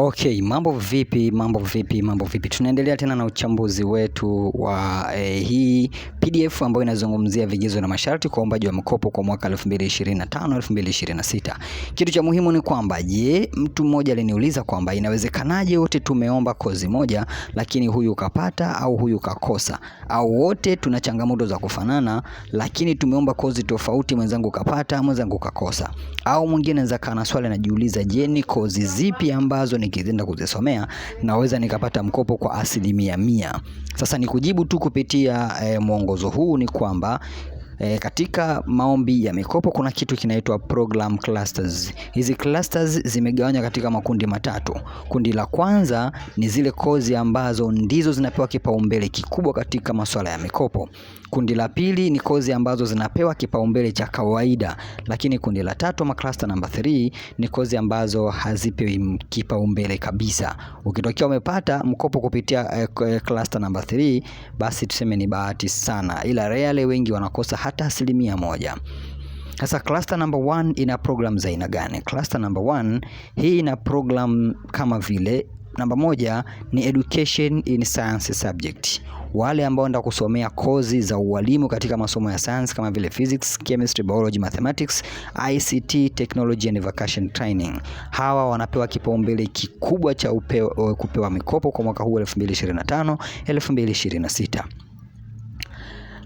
Okay, mambo vipi? Mambo vipi? Mambo vipi? Tunaendelea tena na uchambuzi wetu wa e, hii PDF ambayo inazungumzia vigezo na masharti kwa ombaji wa mkopo kwa mwaka 2025 2026. Kitu cha muhimu ni kwamba je, mtu mmoja aliniuliza kwamba inawezekanaje wote tumeomba kozi moja lakini huyu kapata au huyu kakosa au wote tuna changamoto za kufanana lakini tumeomba kozi tofauti, mwenzangu kapata, mwenzangu kakosa. Au mwingine anaweza kana swali anajiuliza, je, ni kozi zipi ambazo ni nikizenda kuzisomea naweza nikapata mkopo kwa asilimia mia. Sasa ni kujibu tu kupitia e, mwongozo huu ni kwamba E, katika maombi ya mikopo kuna kitu kinaitwa program clusters. Hizi clusters zimegawanywa katika makundi matatu. Kundi la kwanza ni zile kozi ambazo ndizo zinapewa kipaumbele kikubwa katika masuala ya mikopo. Kundi la pili ni kozi ambazo zinapewa kipaumbele cha kawaida, lakini kundi la tatu ama cluster number 3 ni kozi ambazo hazipewi kipaumbele kabisa. Ukitokea umepata mkopo kupitia eh, cluster number 3 basi tuseme ni bahati sana, ila rarely wengi wanakosa hata asilimia moja. Sasa cluster number one ina program za aina gani? Cluster number one hii ina program kama vile namba moja ni education in science subject, wale ambao wanataka kusomea kozi za ualimu katika masomo ya science kama vile physics, chemistry, biology, mathematics, ICT, technology and vocation training. Hawa wanapewa kipaumbele kikubwa cha upewa, kupewa mikopo kwa mwaka huu 2025 2026.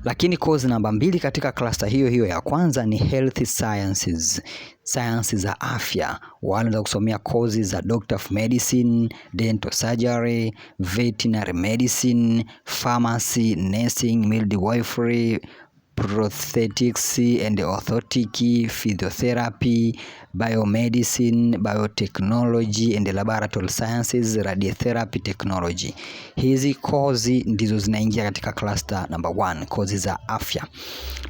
Lakini kozi namba mbili katika klasta hiyo hiyo ya kwanza ni health sciences, sayansi za afya. Wale wanaweza kusomea kozi za doctor of medicine, dental surgery, veterinary medicine, pharmacy, nursing, midwifery prosthetics and orthotic physiotherapy biomedicine, biotechnology and laboratory sciences, radiotherapy technology. Hizi kozi ndizo zinaingia katika cluster number one, kozi za afya.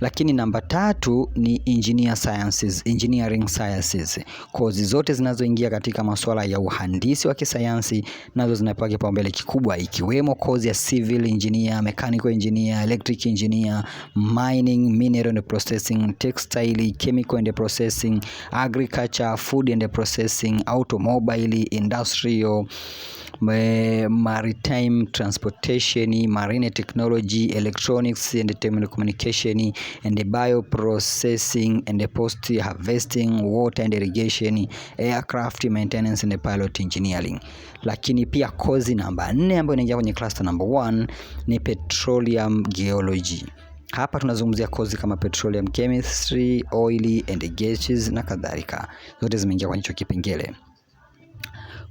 Lakini namba tatu ni engineer sciences, engineering sciences. Kozi zote zinazoingia katika masuala ya uhandisi wa kisayansi nazo zinapewa kipaumbele kikubwa, ikiwemo kozi ya civil engineer, mechanical engineer, electric engineer, mining, mineral and processing, textile, chemical and processing, agri agriculture, food and processing, automobile, industrial, maritime transportation, marine technology, electronics and telecommunication and bioprocessing and post harvesting, water and irrigation, aircraft maintenance and pilot engineering. Lakini pia kozi namba nne ambayo inaingia kwenye cluster number 1 ni petroleum geology. Hapa tunazungumzia kozi kama petroleum chemistry, oil and gases na kadhalika, zote zimeingia kwenye hicho kipengele.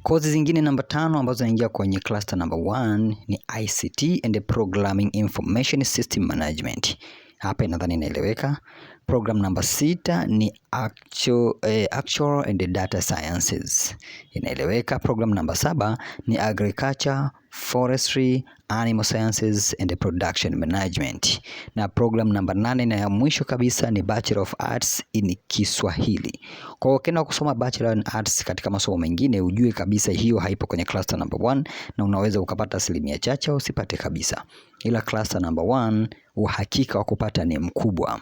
Kozi zingine namba tano ambazo zinaingia kwenye cluster number one ni ICT and Programming Information System Management. Hapa nadhani inaeleweka. Program namba sita ni actual, eh, actual and data sciences inaeleweka. Program namba saba ni agriculture forestry, animal sciences and production management, na program namba nane na ya mwisho kabisa ni Bachelor of Arts in Kiswahili. Kwa hiyo ukienda kusoma Bachelor in Arts katika masomo mengine, ujue kabisa hiyo haipo kwenye cluster number 1 na unaweza ukapata asilimia chache au usipate kabisa, ila cluster number 1 uhakika wa kupata ni mkubwa.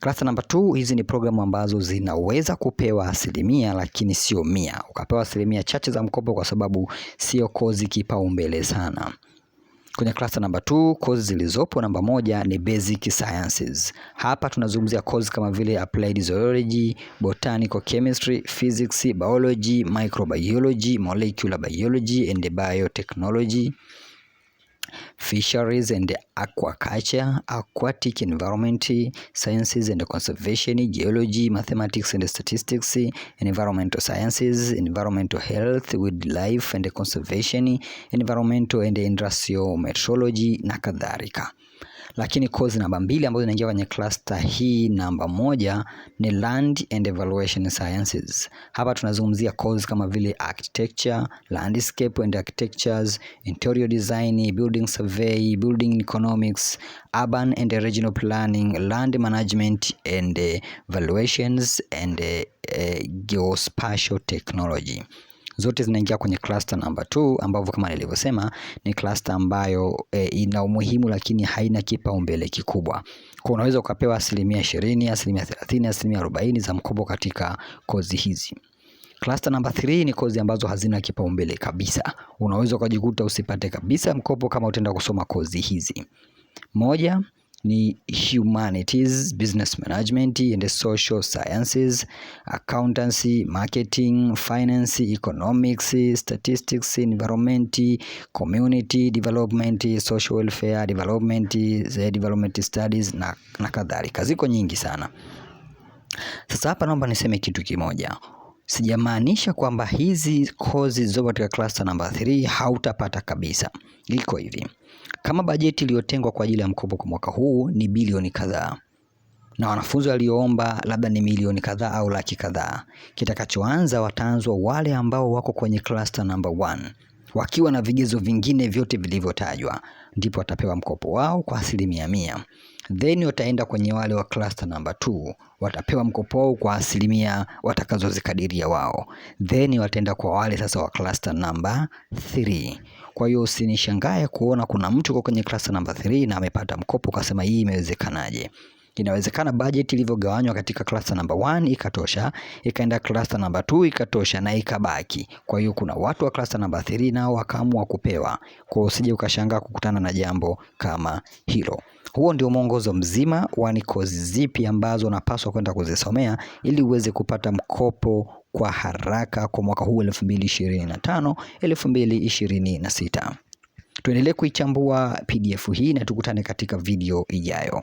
Klasa namba 2, hizi ni programu ambazo zinaweza kupewa asilimia lakini sio mia, ukapewa asilimia chache za mkopo kwa sababu sio kozi kipaumbele sana. Kwenye klasa namba 2 kozi zilizopo, namba moja ni basic sciences. Hapa tunazungumzia kozi kama vile applied zoology, botanical chemistry, physics, biology, microbiology, molecular biology and biotechnology fisheries and aquaculture, aquatic environment sciences and conservation, geology, mathematics and statistics, environmental sciences, environmental health, wildlife and conservation, environmental and industrial metrology na kadhalika. Lakini course namba mbili ambazo zinaingia kwenye cluster hii namba moja ni Land and Evaluation Sciences. Hapa tunazungumzia course kama vile architecture, landscape and architectures, interior design, building survey, building economics, urban and regional planning, land management and valuations and uh, geospatial technology zote zinaingia kwenye cluster number 2 ambavyo kama nilivyosema ni cluster ambayo e, ina umuhimu lakini haina kipaumbele kikubwa. Kwa unaweza ukapewa asilimia 20, asilimia 30, asilimia 40 za mkopo katika kozi hizi. Cluster number 3 ni kozi ambazo hazina kipaumbele kabisa. Unaweza ukajikuta usipate kabisa mkopo kama utaenda kusoma kozi hizi. Moja ni humanities, business management and social sciences, accountancy, marketing, finance, economics, statistics, environment, community development, social welfare development, development studies na, na kadhalika. Ziko nyingi sana. Sasa hapa naomba niseme kitu kimoja. Sijamaanisha kwamba hizi kozi zote katika cluster namba 3 hautapata kabisa. Iko hivi, kama bajeti iliyotengwa kwa ajili ya mkopo kwa mwaka huu ni bilioni kadhaa na wanafunzi walioomba labda ni milioni kadhaa au laki kadhaa, kitakachoanza wataanzwa wale ambao wako kwenye cluster number 1 wakiwa na vigezo vingine vyote vilivyotajwa ndipo watapewa mkopo wao kwa asilimia mia. Then wataenda kwenye wale wa cluster number 2 watapewa mkopo wao kwa asilimia watakazozikadiria wao, then wataenda kwa wale sasa wa cluster number 3. Kwa hiyo usinishangae kuona kuna mtu kwa kwenye cluster number 3 na amepata mkopo, kasema hii imewezekanaje? Inawezekana budget ilivyogawanywa katika cluster number one ikatosha, ikaenda cluster number two ikatosha na ikabaki. Kwa hiyo kuna watu wa cluster number three nao wakaamua kupewa, kwa usije ukashangaa kukutana na jambo kama hilo. Huo ndio mwongozo mzima wa ni kozi zipi ambazo unapaswa kwenda kuzisomea ili uweze kupata mkopo kwa haraka kwa mwaka huu 2025 2026. Tuendelee kuichambua PDF hii na tukutane katika video ijayo.